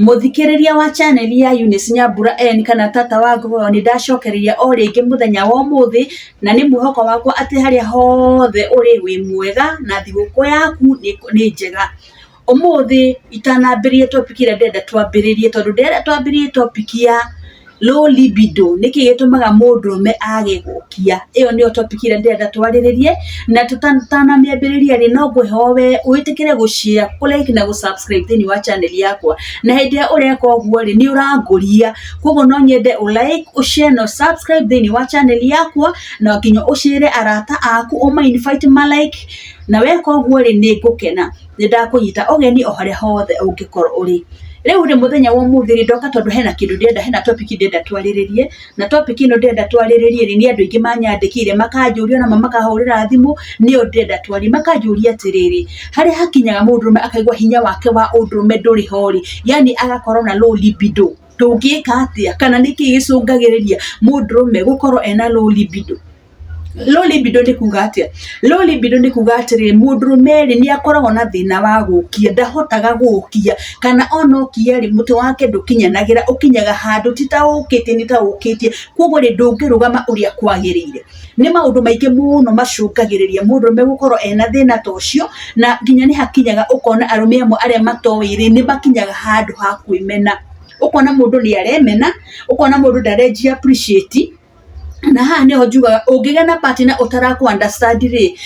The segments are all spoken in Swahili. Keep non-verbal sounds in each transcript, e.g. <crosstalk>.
Mũthikĩrĩria wa channel ya Eunice Nyambura N kana tata wa Ngogoyo nĩ ndacokereria o rĩngĩ mũthenya wa muthi na ni mwĩhoko wakwa ati harĩa hothe uri wi mwega na thigũkũ yaku ni njega. Ũmũthĩ itanambĩrĩria topic ĩrĩa ndĩrenda twambĩrĩrie tondu ndĩrenda twambĩrĩrie topic ya low libido nä kä gä tå maga må ndå me age gå kia ä yo nä yo topic ä rä a ndärenda twarä rä na tåtanamä ambä rä ria rä no ngå howe wä tä kä re gå cia kå like na gå thä inä wa channel yakwa na hä ndä ä rä a å reka å guo rä nä å rangå koguo no nyende å like å share na subscribe thä wa channel yakwa na nginya å cä arata aku å ma invite ma like na weka å guo rä nä ngå kena nä ndakå nyita å geni o harä a hothe å ngä korwo å Riu ri muthenya wa umuthi ri ndoka tondu hena kindu ndirenda hena topic ndirenda twariririe na topic ino ndirenda twariririe ni andu aingi manyandikire makanjuria na makahurira thimu niyo ndirenda twari makanjuria atiriri haria hakinyaga mundurume akaigua hinya wake wa undurume nduri hori yani agakorwo na low libido tungika atia kana niki gicungagiriria mundurume gukorwo ena low libido loli bidonde kuga atia loli ni kuga atiri mundurume ri ni akoragwo na thina wa gukia ndahotaga gukia kana ona ukia ri muti wake ndukinyanagira ukinyaga handu ti ta ukite ni ta ukitie koguo ri ndungirugama uria kwagirire ni maundu maingi muno macungagiriria mundurume gukorwo ena thina ta na nginya ni hakinyaga ukona arume amwe aria matowĩ ri ni makinyaga handu ha kwimena ukona mundu ni aremena ukona mundu ndarenji appreciate na haha niho njugaga ungigia na partner utaraku understand ri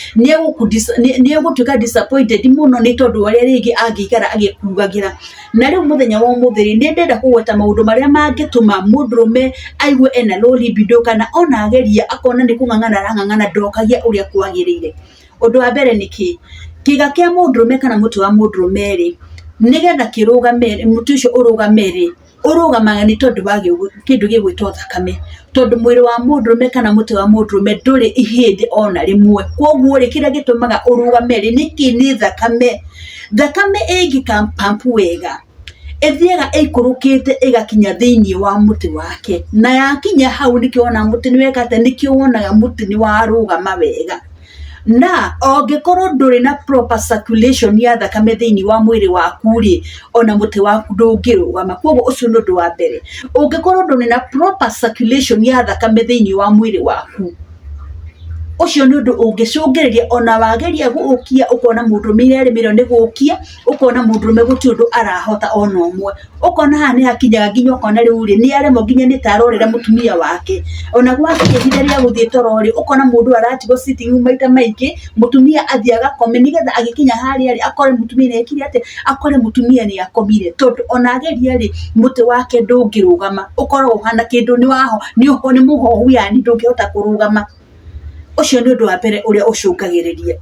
niegutuika disappointed muno ni tondu aria ringi angiikara agikugagira na riu muthenya wa umuthiri ni ndenda kugweta maundu maria mangituma mundurume aigue ena low libido kana ona ageria akona ni kung'ang'ana arang'ang'ana ndokagia uria kwagirire undu wa mbere ni ki kiga kia mundurume kana muti wa mundurume ri nigetha kirugame muti ucio urugame ri urugamaga ni tondu wa kindu gigwitwo thakame tondu mwiri wa mundurume kana muti wa mundurume nduri ihindi ona rimwe koguo ri kira gitumaga urugame ri niki ni thakame thakame ingikampampu wega ithiaga ikurukite igakinya thiini wa muti wake na yakinya hau nikio ona muti ni wekate nikio wonaga muti ni warugama wega na ongekorwo ndũrĩ na proper circulation ya thakame thĩinĩ wa mwĩrĩ waku rĩ ona mũtĩ waku ndũngĩrũgama koguo ũcio nĩ ũndũ wa mbere ũngĩkorwo ndũrĩ na proper circulation ya thakame thĩinĩ wa mwĩrĩ waku ucio ni undu ungicungiriria ona wageria guukia ukona mundu mire arimirwo ni guukia ukona mundu rume guti undu arahota ona umwe ukona haha ni hakinyaga nginya ukona riu ri ni aremwo nginya ni tarorera mutumia wake ona gwakinya ihinda rĩa guthii toro ri ukona mundu aratigwo sitting room ita maingi mutumia athi agakome nigetha agikinya haria ri akore mutumia ni ekire ati akore mutumia ni akomire tondu ona ageria ri muti wake ndungirugama ukoragwo uhana kindu ni waho ni uho ni muhohu yani ndungihota kurugama ucio nä å ndå wa mbere å rä a å rä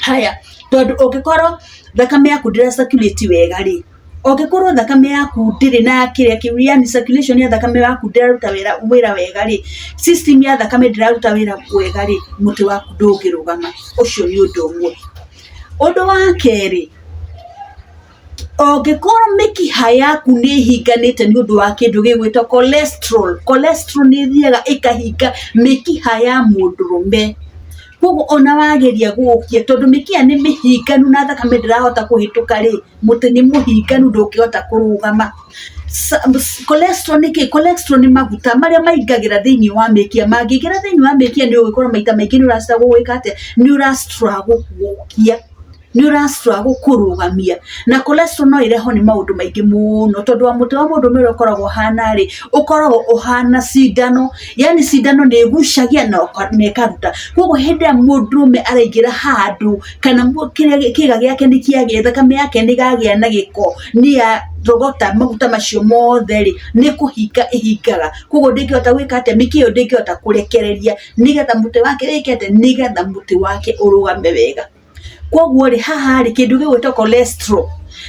haya tondå å ngä korwo thakame yaku ndä circulate wega rä ongekorwo thakame yaku ndĩrĩ na kĩrĩa ki yani circulation ya thakame yaku ndĩraruta wĩra wĩra wega ri system ya thakame ndĩraruta wĩra wega ri muti waku ndũngĩrũgama ucio ni ũndũ ũmwe ũndũ wa keri ongikorwo mĩkiha yaku nĩ ĩhinganĩte nĩ ũndũ wa kĩndũ gĩgwĩtwo cholesterol cholesterol nĩ ĩthiaga ĩkahinga mĩkiha ya mũndũrũme koguo ona wageria gũkia tondũ mĩkiha nĩ mĩhinganu na thakame ndĩrahota kũhĩtũka rĩ mũtĩ nĩ mũhinganu ndũngĩhota kurugama cholesterol ni kĩ cholesterol ni maguta marĩa maingagĩra thĩiniĩ wa mĩkiha mangĩingĩra thĩiniĩ wa mĩkiha nĩ ũgũkora maita maingĩ nĩ ũracitagwo gwĩka atĩa nĩ ũracitragwo gũkia nä å racra gå kå rå gamia na kolestro no ĩrehwo nä maå ndå maingä må no tondå wa må tä wa må ndå mä rä koragwo hana rä å koragwo å hana cindano yani cindano nä ĩgucagia na ĩkaruta koguo hä ä må ndå me araingä ra handå kana kä ga gä ake nä kĩagä thakame yake nä gagä a na gä ko nä rogota maguta macio mothe rä nä kå hinga ä hingaga koguo ndä ngä hota gwä ka atä mä kä ä yo ndä ngä hota kå rekereria nä getha må tä wake wä ke atä nä getha må tä wake å rå game wega koguo rĩ haha rĩ kĩndũ gĩgwĩtwo cholesterol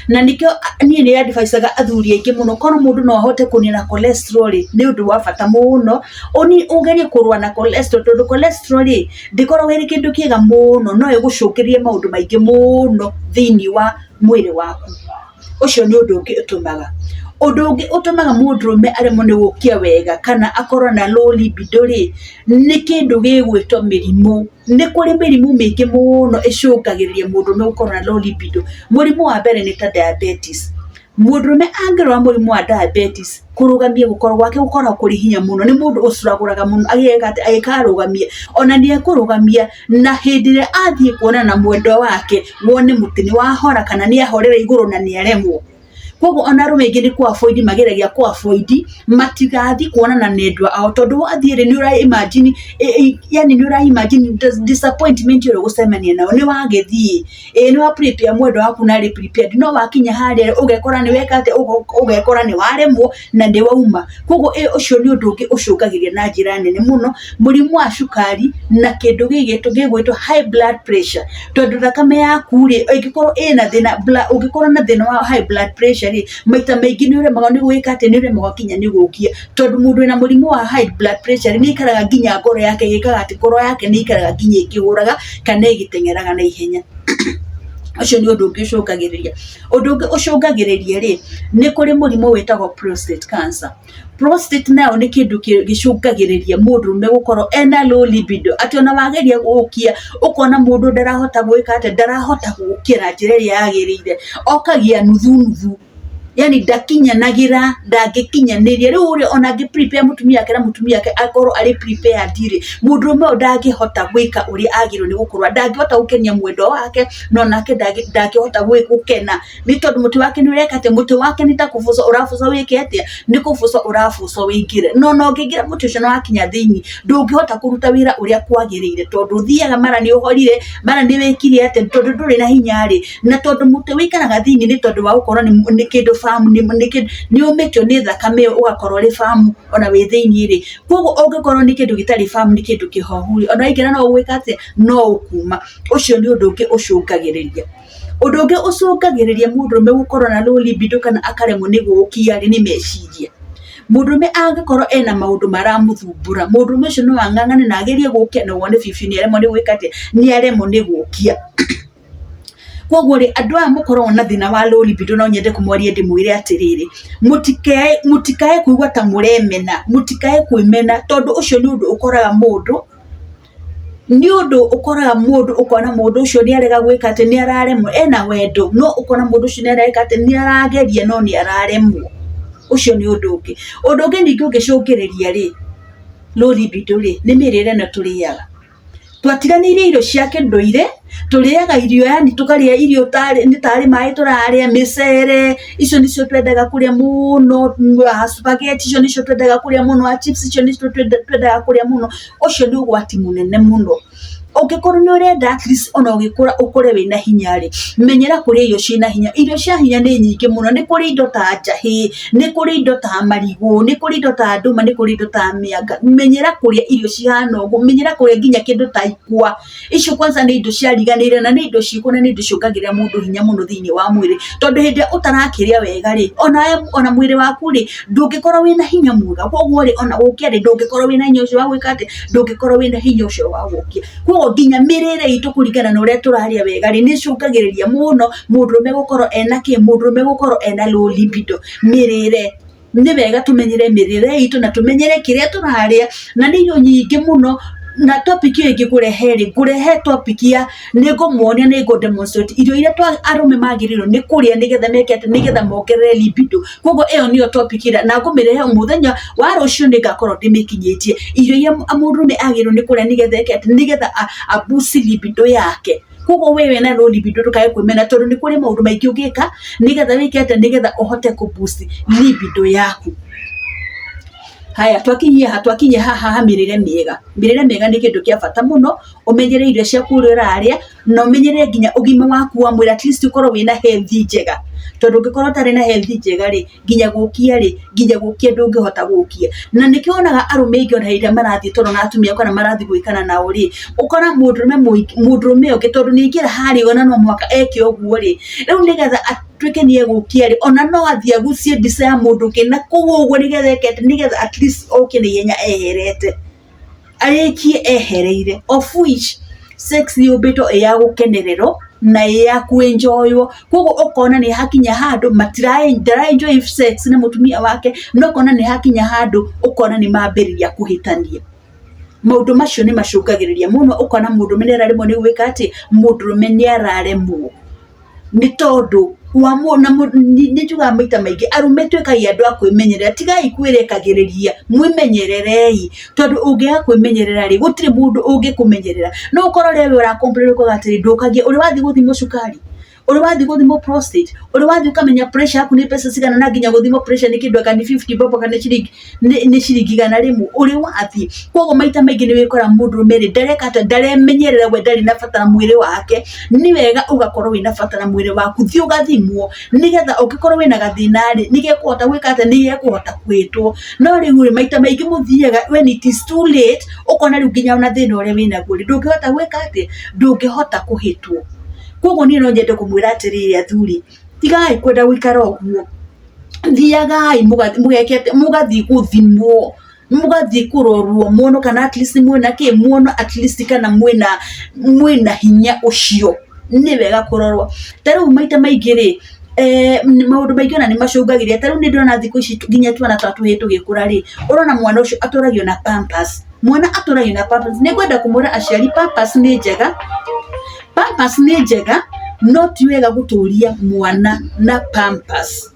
na nĩkio niĩ nĩ advisaga athuri aingĩ mũno korwo mũndũ no ahote kũnina cholesterol rĩ ni ũndũ wa bata mũno ũni ũgerie kũrũa na cholesterol tondũ cholesterol rĩ dikoro ĩrĩ kĩndũ kĩega muno no ĩgũcũngĩrĩrie maũndũ maingĩ muno thĩiniĩ wa mwĩrĩ waku ũcio ni ũndũ ũngĩ ũtũmaga undu ungi utumaga mundurume aremwo ni gukia wega kana akorwo na low libido ri ni kindu gigwitwo mirimu ni kuri mirimu miingi muno icungagiriria mundurume gukorwo na low libido murimu wa mbere ni ta diabetes mundurume angirora murimu wa diabetes kurugamia gukorwo gwake gukorwo kuri hinya muno ni mundu ucuraguraga muno agikarugamia ona nie kurugamia na hindi iria athii kuona na mwendwa wake wone mutini wahora kana ni ahorere iguru na ni aremwo koguo ona arume aingi ni ku avoid mageragia ku avoid matigathi kuonana na endwa ao tondu wathiä ni ura imagine e, e, yani ni ura ra imagine disappointment å rä gåcemania nao nä wagäthiä ä nä wa prepare mwendo waku narä prepared no wakinya harä ugekora ni weka atä ugekora ni waremwo na ndi wauma koguo e, ucio ni undu ndå å na njira nene muno no må rimå wa cukari na kindu ndå gä high blood pressure tondu thakame yaku rä ä ngä korwo ä na thä na na thä wa high blood pressure rĩ maita maingĩ nĩ ũremagwo nĩ gwĩka atĩ nĩ ũremagwo kinya nĩ gũkia tondũ mũndũ ena mũrimũ wa high blood pressure nĩ ikaraga nginya ngoro yake ĩgĩkaga atĩ ngoro yake nĩ ikaraga nginya ĩkĩhũraga kana ĩgĩteng'eraga na ihenya <coughs> ũcio nĩ ũndũ ũngĩ ũcũngagĩrĩria ũndũ ũngĩ ũcũngagĩrĩria rĩ nĩ kũrĩ mũrimũ wĩtagwo prostate cancer prostate nayo nĩ kĩndũ gĩcũngagĩrĩria mũndũrũme gũkorwo ena low libido atĩ ona wageria gũũkia ũkona mũndũ ndarahota gwĩka atĩ ndarahota gũkĩra njĩra ĩrĩa yagĩrĩire okagĩa nuthu nuthu yani ndakinyanagira ndangikinyaniria riu ri ona ngi prepare mutumia yake na mutumia yake akoro ari prepared ri mundurume uyu ndangihota gwika uri agiro ni gukorwa ndangihota gukenia mwendo wake no nake ndangihota gukena ni tondu muti wake ni ureka ati muti wake ni takufuso urafuso wike atia ni kufuso urafuso wingire no no ngingira muti ucio no wakinya thiini ndungihota kuruta wira uri akwagirire tondu thiaga mara ni uhorire mara ni wikire atia tondu nduri na hinya ri na tondu muti wikaraga thiini ni tondu wa gukorwo ni kindu famu ni å ni umekyo ni thakame å gakorwo rä famu ona wä thä iniä rä koguo å ngä korwo famu ni kindu ndå ona ingira no å gwä no ukuma ucio ni undu ungi ucungagiriria ndå å ngä å cångagä rä ria undu ungi ucungagiriria mundurume gukorwo na low libido kana akaremwo ni guukia ri ni meciria mundurume angikorwo ena maundu maramuthumbura mundurume ucio no ang'ang'ane na agerie gukia no wone bibi ni aremwo ni gwika atia ni aremwo ni gukia koguo rĩ andå aya må na thina wa rå rimbindå no nyende kå mwaria ndä mwä re mutikae rä rä må ta må remena må tikae kwä mena tondå å cio nä å ndå å koraga må ndå nä å ndå å koraga arega gwika ati ni nä araremwo ena wendo no ukona kona ucio ni arega ati ni arageria no ni araremwo ucio ni undu å undu å ngä å ndå å ngä ningä å ngä cå na tå rä aga twatiganä irio cia kä turiaga irio yani tukaria irio tari ni tari mai turaria micere icio nicio twendaga kuria muno ah, spaghetti icio nicio twendaga kuria muno ah, chips icio nicio twendaga kuria muno ucio ni ugwati munene muno ungikorwo ni urenda at least ona ugikura ukure wina hinya ri menyera kuria irio ciina hinya irio cia hinya ni nyingi muno ni kuri indo ta njahi ni kuri indo ta marigu ni kuri indo ta nduma ni kuri indo ta mianga menyera kuria irio cihana uguo menyera kuria nginya kindu ta ikwa icio kwanza ni indo ciariganire na ni indo ciikwo na ni indo ciongagirira mundu hinya muno thiini wa mwiri tondu hindi utarakiria wega ri ona ona mwiri waku ri ndungikorwo wina hinya mwega koguo ri ona gukia ri ndungikorwo wina hinya ucio wa gwika ati ndungikorwo wina hinya ucio wa gukia koguo nginya mirire itu kuringana na uria turaria wega ri nicungagiriria muno mundurume gukorwo ena ki mundurume gukorwo ena low libido mirire ni wega tumenyere mirire itu na tumenyere kiria turaria na ni irio nyingi muno na topic ĩyo ngĩkũrehe rĩ ngũrehe topiki ya nĩ ngũmuonia nĩ ngũ demonstrate irio iria twa arũme magĩrĩirwo nĩ kũrĩa nĩgetha meke atĩ nĩgetha mongerere libido koguo ĩyo nĩyo topic ĩrĩa na ngũmĩrehe mũthenya wa rũciũ nĩ ngakorwo ndĩmĩkinyĩtie irio iria mũndũme agĩrĩirwo nĩ kũrĩa nĩgetha eke atĩ nĩgetha abusi libido yake koguo wewe na no libido ndũkae kwĩmena tondũ nĩ kũrĩ maũndũ maingĩ ũngĩka nĩgetha wĩke atĩ nĩgetha ũhote kũbusi libido yaku haya twakinyie ha twakinyie haha mĩrĩre miega mirire miega ni kĩndũ kia bata muno ũmenyerere irio cia kurira aria na ũmenyerere nginya ugima waku wa mwira at least ũkorwo wina healthy njega tondũ ũngĩkorwo tari na healthy njega ri nginya gukia ri nginya gũkia ndũngĩhota gukia na nikionaga arume ingi ona rĩrĩa marathi toro na atumia kana marathiĩ gwĩkana nao rĩ ũkora mudrume mũndũrũme ũngĩ ni ngira hari ona no mwaka eke oguo ri rĩu nigetha tuike ni egukia ri ona no athia gucie bisa ya mundu na kina koguo uguo nigetha ekete nigetha at least oke ni yenya eherete ayeki ehereire of which sex nä å e two ä ya gå kenererwo na ä ya kwä koguo å kona nä hakinya enjoy if sex na mutumia wake no kona ni hakinya handu ukona ni nä mambä rä ria macio ni macungagiriria muno ukona mundu menera rimo ni må ndå me nä araremwo nä gwä nä njå gaga maita maingä arume tuä kagia andå a kwä menyerera tigai kwä rekagä rä ria mwä menyererei tondå å ngä ga kwä menyerera rä gå tirä må ndå å ngä kå menyerera no å korwo rä we å rakompä rä rå kogatä rä ndå kagia å rä wathiä gå cukari uri wathi guthimwo prostate uri wathi ukamenya pressure yaku ni pesa cigana na nginya guthimwo pressure ni kindu akani 50 bob kana ciringi ni ciringi igana rimu uri wathi koguo maita maingi ni wikora mundu rumiri ndareka ata ndaremenyerera we ndari na bata na mwiri wake ni wega ugakorwo wina bata na mwiri waku thi ugathimwo nigetha ungikorwo wina gathina ri nigekuhota gwika ata nigekuhota kwitwo no riu ri maita maingi muthiaga when it is too late ukona riu nginya ona thina uria winaguo ri ndungihota gwika ati ndungihota kuhitwo koguo niä no nyende kå mwä ra atä rä rä athuri tigai kwenda gå ikara å guo thiagai mågathiä gå thimwo mugathiä kå mwono kana at least mwena kä mwono at least kana mwena mwena hinya å cio nä wega kå rorwo ta rä u maita maingä rä eh, maå ndå maingä ona nä macångagä ria ta rä u nä ndärona thikå ici nginya twana twa tå hä tå gä mwana å cio atå na pampas mwana atå ragio na pampas nä ngwenda kå aciari pampas nä njega pampas nä njega no ti wega guturia mwana na pampas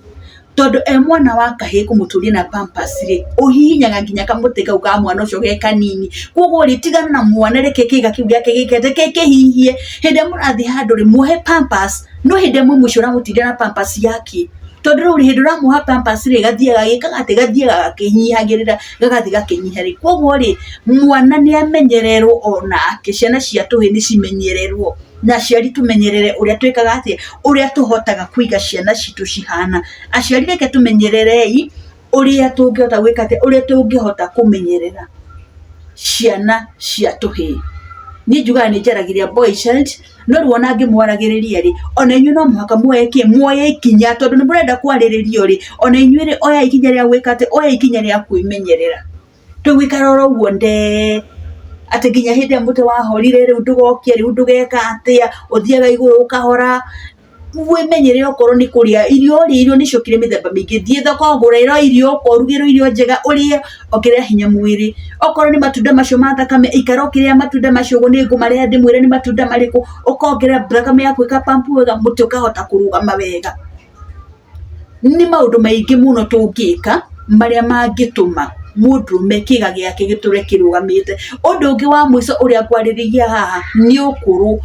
tondu e mwana wa kahä kå må tå ria na pampas rä å hihinyaga nginya kamå kau ka mwana å cio ge kanini koguo rä tigana na mwana reke kä ga kä u gä ake gä kete kä kä hihie hä ndä ä må rathiä handå rä muhe pampers no hä ndä ä mwe cio å ramå tindä na pampas yake tondå rä u hä ndä å ramå ha pampers rä gathiä gagä kagatä gathiä gagakä nyihagä rä ra gagathiä gakä nyiha rä koguo rä mwana nä amenyererwo onake ciana cia tå hä nä cimenyererwo na aciari tumenyerere uria twikaga ati uria tuhotaga kuiga ciana citu cihana aciari reke tumenyererei uria tungihota gwika ati uria tungihota kumenyerera ciana cia tuhii ni njugaga ni njaragiria boy child no rä wona ngä mwaragä rä ona inyuä no må haka muoye kä muoye ikinya tondå nä må renda kwarä rä ona inyuä rä oya ikinya rä a gwä oya ikinya rä kuimenyerera tu menyerera tå ndee ati nginya hindi ndä ä a må tä wahorire rä u ndå gokia rä u ndå geka atä a å thiaga okorwo ni kuria irio ri irio ni cokire mithemba mingi thie thoko ngura iro irio korugiro irio njega urie okire hinya mwiri okorwo ni matunda macio ma thakame ikara okirira matunda macio uguo ni nguma ndi mwire ni matunda mariku ukongerera thakame yaku pampu wega muti ukahota kurugama wega ni maundu maingi muno tungika maria mangituma mundurume mekiga giake giture kirugamite undu ungi wa mwico uria kwaririgia haha ni ukuru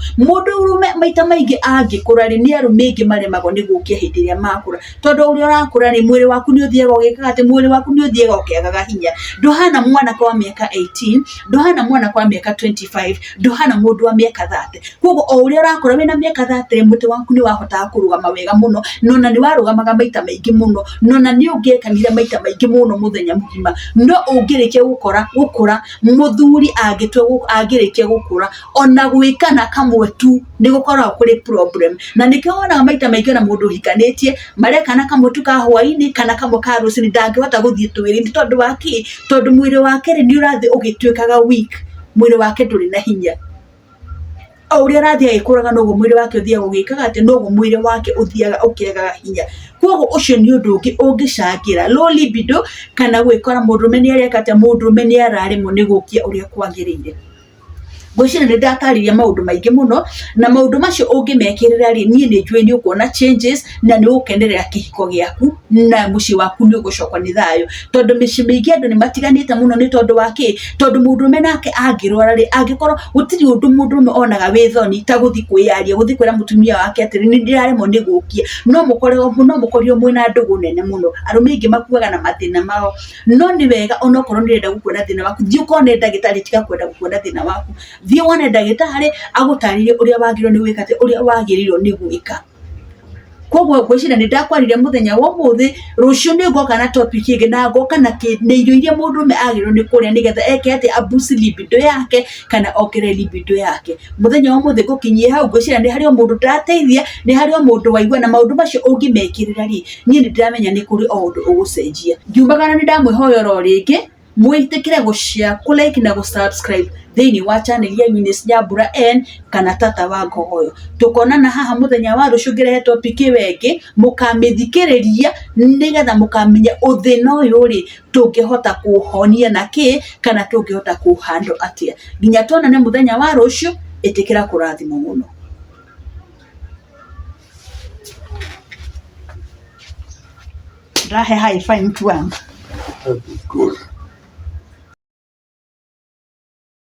urume maita maingi angikura ri ni aru mingi maremagwo ni gukia hindi iria makura tondu uria urakura ni mwiri waku ni uthiega ugikaga ati mwiri waku ni uthiega ukiagaga hinya nduhana mwana kwa miaka 18 nduhana mwana kwa miaka 25 nduhana mundu wa miaka 30 koguo o uria urakura wina miaka 30 muti waku ni wahotaga kurugama wega muno nona ni warugamaga maita maingi muno nona ni ungiakanire maita maingi muno muthenya mugima no ũngĩrĩkia gukora gukura muthuri angitwe angĩrĩkia gukura ona gwikana kamwe tu ni gukora kuri problem na nikiona maita maita na ona mũndũ ũhikanĩtie marekana kamwe tu ka hwaini kana kamwe ka rũcinĩ ndangĩhota gũthiĩ twiri tondũ wa waki tondu mwĩrĩ wake rĩ urathi ũrathiĩ ũgĩtuĩkaga weak mwĩrĩ wake ndũrĩ na hinya o uria rathi agikuraga noguo mwiri wake uthiaga ugikaga ati noguo mwiri wake uthiaga ukiagaga hinya koguo ucio ni undu ungi ungicangira low libido kana gwikora mundu rume ni areka ati mundu rume ni araremwo ni gukia uria kwagiriire ngwiciria ni ndakariria maundu maingi muno na maundu macio ungimekirira ri nie ni njui ni ukuona changes na ni ukenerera kihiko giaku na mucii waku ni ugucokwa ni thayo tondu micii miingi andu ni matiganite muno ni tondu wa ki tondu mundurume nake angirwara ri angikorwo gutiri undu mundurume onaga wi thoni ta guthi kwiaria guthi kwira mutumia wake atiri ni ndiraremwo ni gukia no mukorwo no mukorio mwina ndugu nene muno arume ingi makuaga na mathina mao no ni wega onokorwo nirenda gukuona thina waku thiukone ndagitari tiga kwenda gukuona thina waku thiä wone ndagätarä agåtarä å rä a wagä rwo nä gwä ka å rä a wagä rä irwo nä gwä ka koguo ngwicira nä ndakwarire må thenya wa må thä rå cio nä ngoka na topic ä na ngoka na nä irio iria må ndå me agä ni nä kå rä getha eke atä abusi libido yake kana okere libido yake må thenya wa må thä ngå hau ngwicira nä harä o må ndå ndärateithia nä harä o må waigua na maå ndå macio å ngä mekä rä ra rä niä nä ndäramenya nä kå rä o å ndå å gå cenjia ngiumagana mwĩtĩkĩre gũshare kũ like na gũsubscribe thĩinĩ wa channel ya Eunice Nyambura N kana Tata wa Ngogoyo tũkonana haha mũthenya wa rũciũ ngĩrehe topic ĩyo ĩngĩ mũkamĩthikĩrĩria nĩgetha mũkamenya ũthĩna ũyũ rĩ tũngĩhota kũũhonia na kĩ kana tũngĩhota kũũhandle atia nginya tuonane mũthenya wa rũciũ ĩtĩkĩra kũrathimwo mũno rahe high fine mtu wangu